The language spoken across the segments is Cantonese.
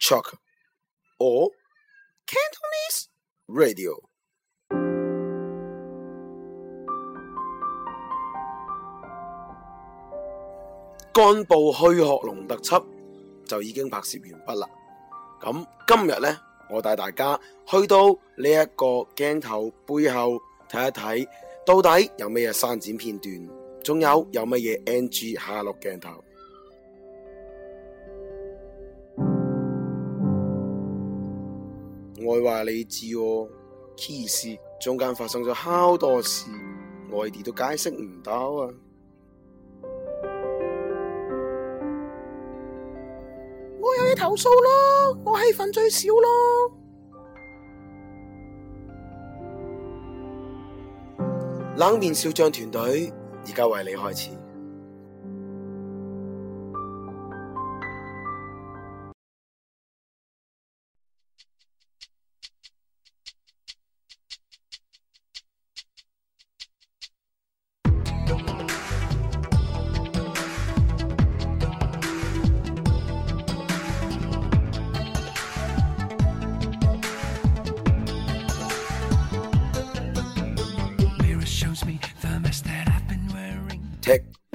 Chock or Cantonese Radio。幹部去學龍特輯就已經拍攝完畢啦。咁今日呢，我帶大家去到呢一個鏡頭背後睇一睇，看看到底有咩嘢刪剪片段，仲有有乜嘢 NG 下落鏡頭。我話你知哦，其實中間發生咗好多事，外地都解釋唔到啊！我有嘢投訴咯，我戲份最少咯。冷面少將團隊而家為你開始。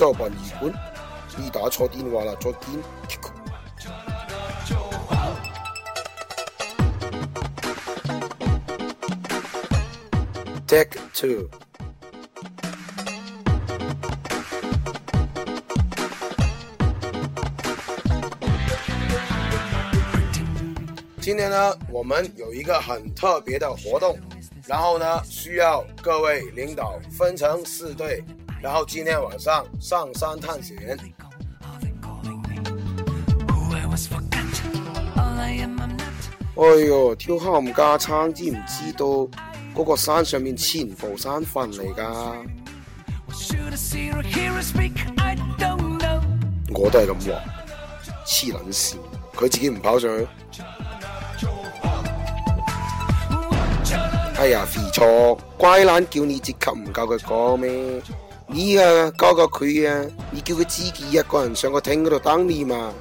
周辦二本，你打錯電話啦，再見。Deck two。今天呢，我們有一個很特別的活動，然後呢，需要各位領導分成四隊。然後今天晚上上山探險。哎呦，跳坑加撐，知唔知道嗰個山上面全部山墳嚟噶？我都係咁話，黐捻線，佢自己唔跑上去。哎呀，肥錯，乖卵叫你接扣唔夠佢講咩？你呀，教教佢呀，你叫佢自己一個人上個廳嗰度等你嘛。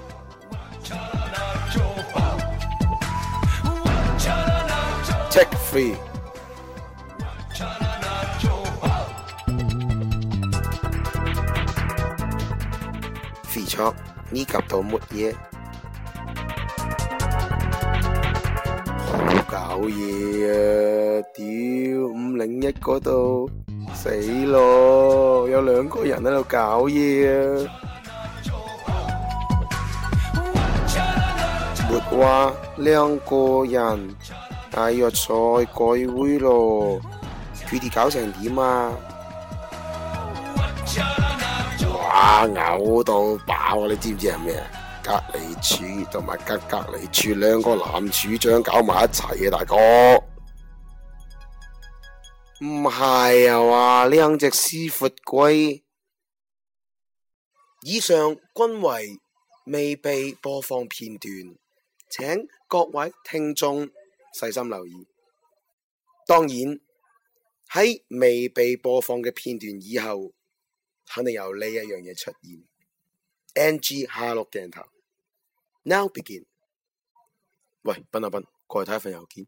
check free。肥卓，呢搞到乜嘢？搞嘢呀！屌五零一嗰度。死咯！有兩個人喺度搞嘢啊，啊！唔話兩個人係藥材開會咯，佢哋搞成點啊？哇！嘔到爆！啊！你知唔知係咩啊？隔離處同埋隔隔離處兩個男處長搞埋一齊啊，大哥。唔係啊！話呢兩隻師父龜。以上均為未被播放片段，請各位聽眾細心留意。當然喺未被播放嘅片段以後，肯定有呢一樣嘢出現。NG 下落鏡頭，Now begin。喂，斌啊斌，過去睇一份郵件。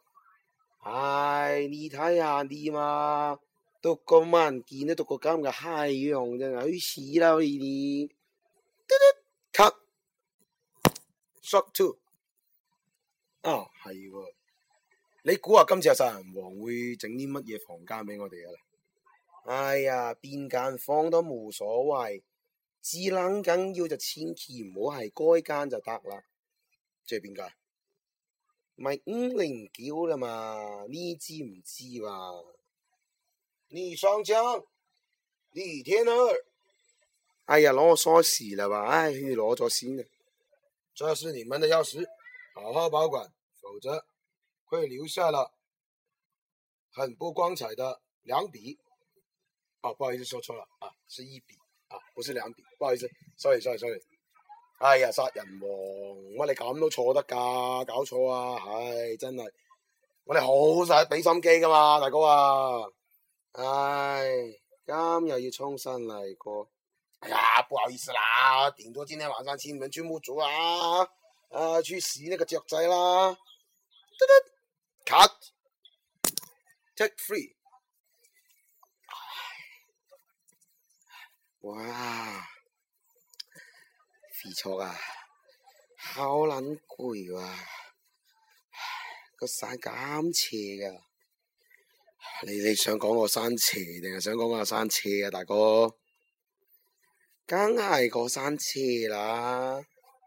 唉你睇下啲嘛，都咁難見讀個，得都個咁嘅嗨樣真係好屎啦！你 cut shock two，啊係喎，你估下今次阿殺人王會整啲乜嘢房間俾我哋啊？哎呀，邊間房都冇所謂，只撚緊要就千祈唔好係該間就得啦。即係邊間？咪五、嗯、零九啦嘛，你知唔知嘛？李雙江、李天二，哎呀攞衰事啦吧，哎去攞咗先啊！這是你們的鑰匙，好好保管，否則會留下了很不光彩的兩筆。哦，不好意思，說錯了啊，是一筆啊，不是兩筆，不好意思，sorry sorry sorry。哎呀，殺人王乜你咁都錯得噶，搞錯啊！唉、哎，真係我哋好使俾心機噶嘛，大哥啊！唉、哎，今日要重新嚟過。哎呀，不好意思啦，頂咗今天晚上千你們村木族啊，啊去洗呢個雀仔啦叮叮。cut take three，唉哇！唔錯啊，好撚攰哇！個山咁斜噶，你你想講個山斜定係想講個山斜啊，大哥？梗係個山斜啦，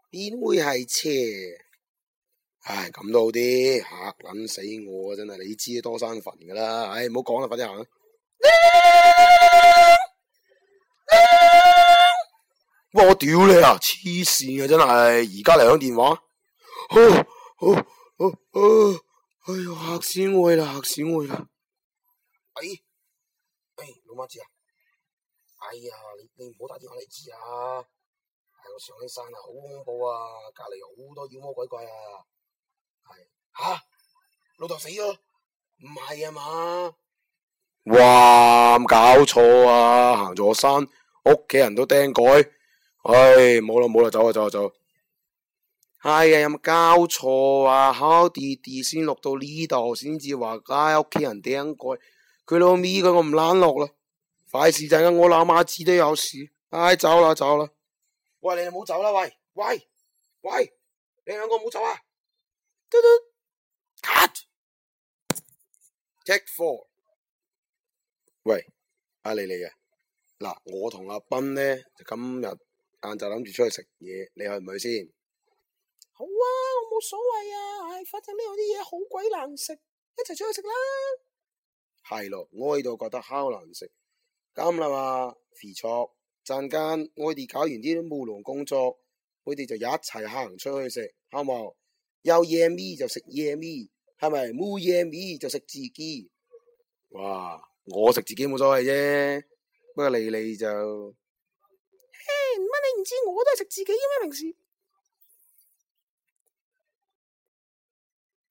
邊會係斜？唉，咁都好啲，嚇撚死我真係，你知多山墳噶啦，唉，唔好講啦，快啲行。哇！我屌你啊，黐線啊，真係而家嚟響電話，哦哦哦哎呀，嚇死我啦，嚇死我啦！哎哎，老媽知啊，哎呀，你你唔好打電話嚟知啊！係、哎、我上緊山啊，好恐怖啊，隔籬有好多妖魔鬼怪啊，係吓、啊、老豆死咗，唔係啊嘛？哇！搞錯啊，行咗山，屋企人都釘蓋。唉，冇啦冇啦，走啊走啊走！係啊，哎、呀有冇交錯啊？好地地先到、哎、落到呢度，先至話家屋企人頂蓋。佢老咪，佢我唔懶落啦。壞事就係我老媽子都有事。唉、哎，走啦、啊、走啦、啊啊！喂，你哋唔好走啦，喂喂喂，你兩個唔好走啊！cut take four。喂，阿李嚟嘅嗱，我同阿斌呢就今日，但就諗住出去食嘢，你去唔去先？好啊，我冇所謂啊，唉、哎，反正呢度啲嘢好鬼難食，一齊出去食啦。係咯，我呢度覺得烤難食，咁啦嘛。冇錯，陣間我哋搞完啲務農工作，佢哋就一齊行出去食，好冇？有野味就食野味，係咪？冇野味就食自己。哇，我食自己冇所謂啫，不過你你就。你唔知我都係食自己嘅咩？平時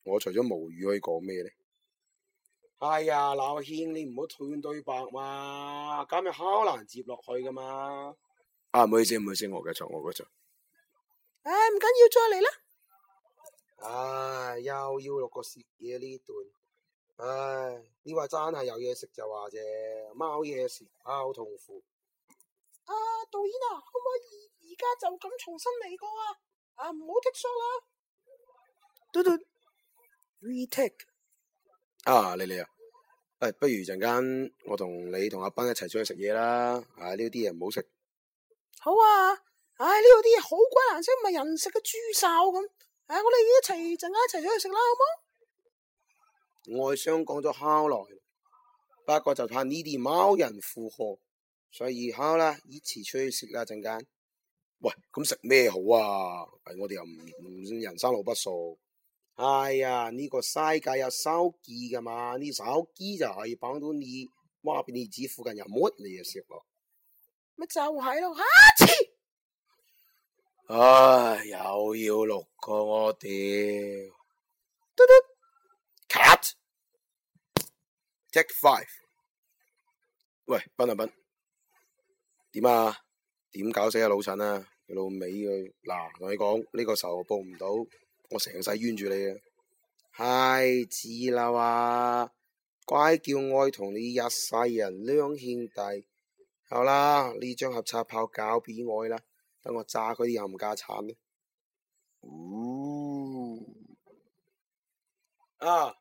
我除咗無語可以講咩咧？哎呀，鬧軒，你唔好斷對白嘛，咁又好難接落去噶嘛。啊，唔好意思，唔好意思，我嘅錯，我嘅錯。唉、哎，唔緊要，再嚟啦。唉、哎，又要錄個食嘢呢段。唉、哎，你話真係有嘢食就話啫，貓嘢食，好痛苦。啊導演啊，可唔可以而家就咁重新嚟過啊？啊，唔好 take 啦，嘟嘟，re take 啊，你你啊，誒，不如陣間我同你同阿斌一齊出去食嘢啦，啊，呢啲嘢唔好食。好啊，唉，啊，呢度啲嘢好鬼難食，唔係人食嘅豬哨咁，啊，我哋一齊陣間一齊出去食啦，好冇？外商講咗好耐，不過就怕呢啲貓人附荷。所以好啦，依次去食啦陣間。喂，咁食咩好啊？係我哋又唔唔算人生路不熟。哎呀，呢、這個世界有手機噶嘛？呢手機就可以幫到你，哇，俾你指附近有乜嘢食咯。乜就係咯，下次。唉，又要六個、啊、我屌。嘟嘟，Cut，take five。喂，笨啊笨！點啊？點搞死阿老陳啊？老啊老你老尾佢，嗱，同你講呢個仇我報唔到，我成世冤住你啊！係、哎、知啦，哇！乖，叫我同你一世人兩兄弟。好啦，呢張合叉炮搞俾我啦，等我炸佢啲冚家鏟。嗯、哦，啊，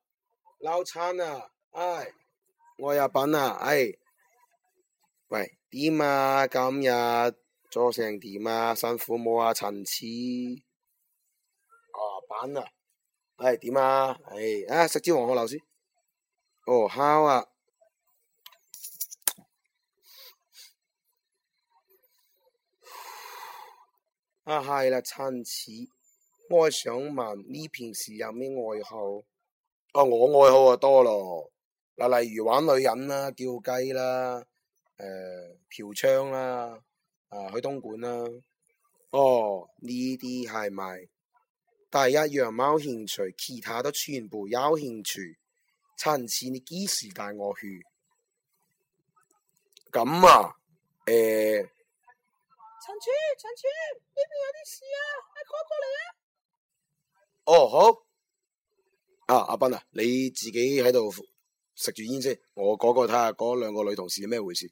撈餐啊，唉、哎！我有品啊，唉、哎！喂，點啊？今日做成點啊？辛苦冇啊？陳始，哦，班啊，係點啊？係、哎啊，哎、啊，食支黃鶴樓先。哦，好啊。啊係啦，陳始、啊，我想問呢，平時有咩愛好？哦、啊，我愛好啊多咯。嗱，例如玩女人、啊、雞啦，叫雞啦。誒、呃，嫖娼啦，啊，啊，呃，去東莞啦，啊，哦，呢啲係咪？第一樣冇興趣，其他都全部有興趣。陳超，你幾時帶我去？咁啊，誒，呃。陳超，陳超，呢邊有啲事啊，你過過嚟啊。哦，好。啊，阿斌啊，你自己喺度食住煙先，我過過睇下嗰兩個女同事係咩回事。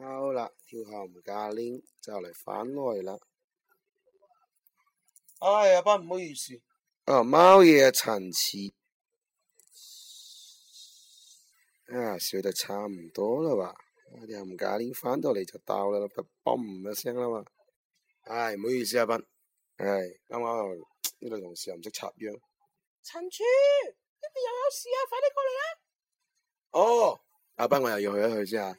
好啦，跳下唔鉸鏈就嚟返來啦。哎，阿斌唔好意思。哦、啊，貓嘢陳廚。啊，笑得差唔多啦吧？我、啊、哋又唔鉸鏈翻到嚟就到啦，嘭一聲啦嘛。唉，唔、哎、好意思，阿斌。唉、哎，啱啱呢度。同事又唔識插秧。陳廚，呢邊又有事啊！快啲過嚟啦、啊。哦，阿斌，我又要去一去先啊。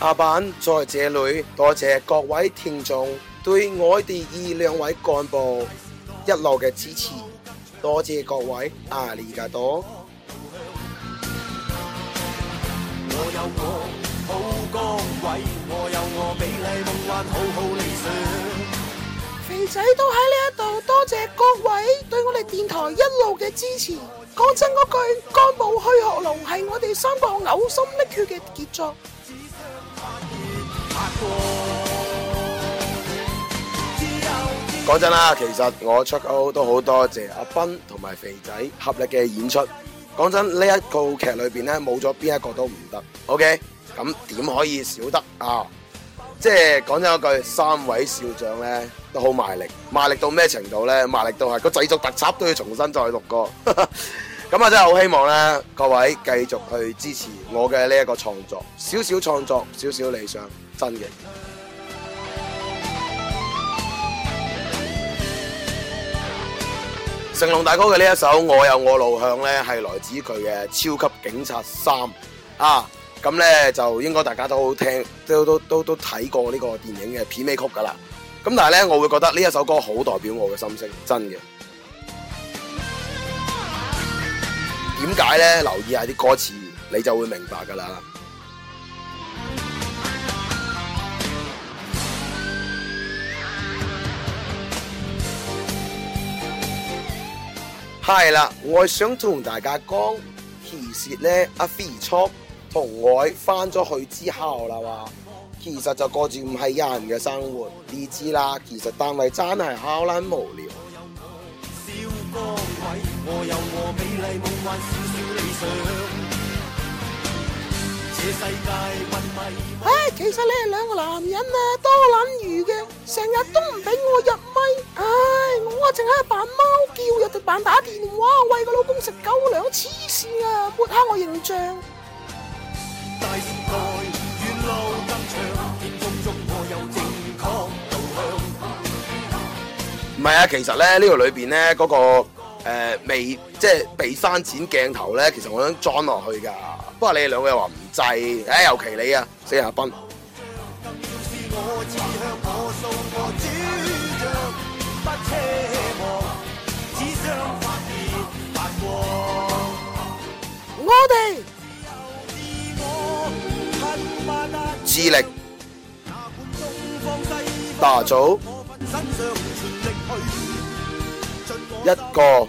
阿版在這裏多謝各位聽眾對我哋二兩位幹部一路嘅支持，多謝各位阿里噶多。我有我好崗位，我有我美麗夢幻好好理想。肥仔都喺呢一度多謝各位對我哋電台一路嘅支持。講真嗰句，幹部去學龍係我哋三個嘔心瀝血嘅傑作。講真啦，其實我出 O 都好多謝阿斌同埋肥仔合力嘅演出。講真，呢一個劇裏邊呢，冇咗邊一個都唔得。OK，咁點可以少得啊？即係講真一句，三位少將呢都好賣力，賣力到咩程度呢？賣力到係個製作特輯都要重新再錄過。咁啊，我真係好希望呢，各位繼續去支持我嘅呢一個創作，少少創作，少少理想。真嘅，成龍大哥嘅呢一首《我有我路向》呢係來自佢嘅《超級警察三》啊，咁呢，就應該大家都好聽，都都都都睇過呢個電影嘅片尾曲噶啦。咁但係呢，我會覺得呢一首歌好代表我嘅心聲，真嘅。點解呢？留意下啲歌詞，你就會明白噶啦。係啦，我想同大家講，其實咧，阿飛初同我翻咗去之後啦，話其實就過住唔係人嘅生活，你知啦，其實單位真係好撚無聊。我有我唉、哎，其實你哋兩個男人啊，多撚餘嘅，成日都唔俾我入咪。唉、哎，我淨係扮貓叫又扮打電話，餵個老公食狗糧，黐線啊！抹黑我形象。唔係啊，其實咧呢個裏邊呢，嗰、那個誒、呃、未即係被刪剪鏡頭咧，其實我想裝落去噶。不過你哋兩個人話唔制，哎，尤其你啊，死阿斌。我哋自力打造一個。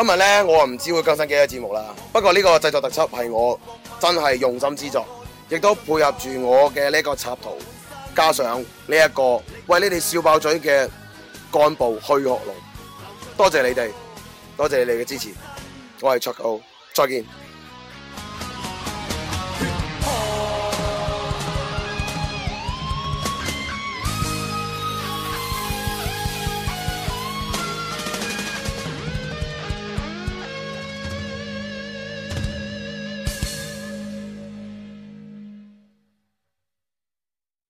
今日咧，我唔知會更新幾多節目啦。不過呢個製作特輯係我真係用心之作，亦都配合住我嘅呢個插圖，加上呢一個為你哋笑爆嘴嘅幹部去學龍。多謝你哋，多謝你哋嘅支持。我係 Chucko，再見。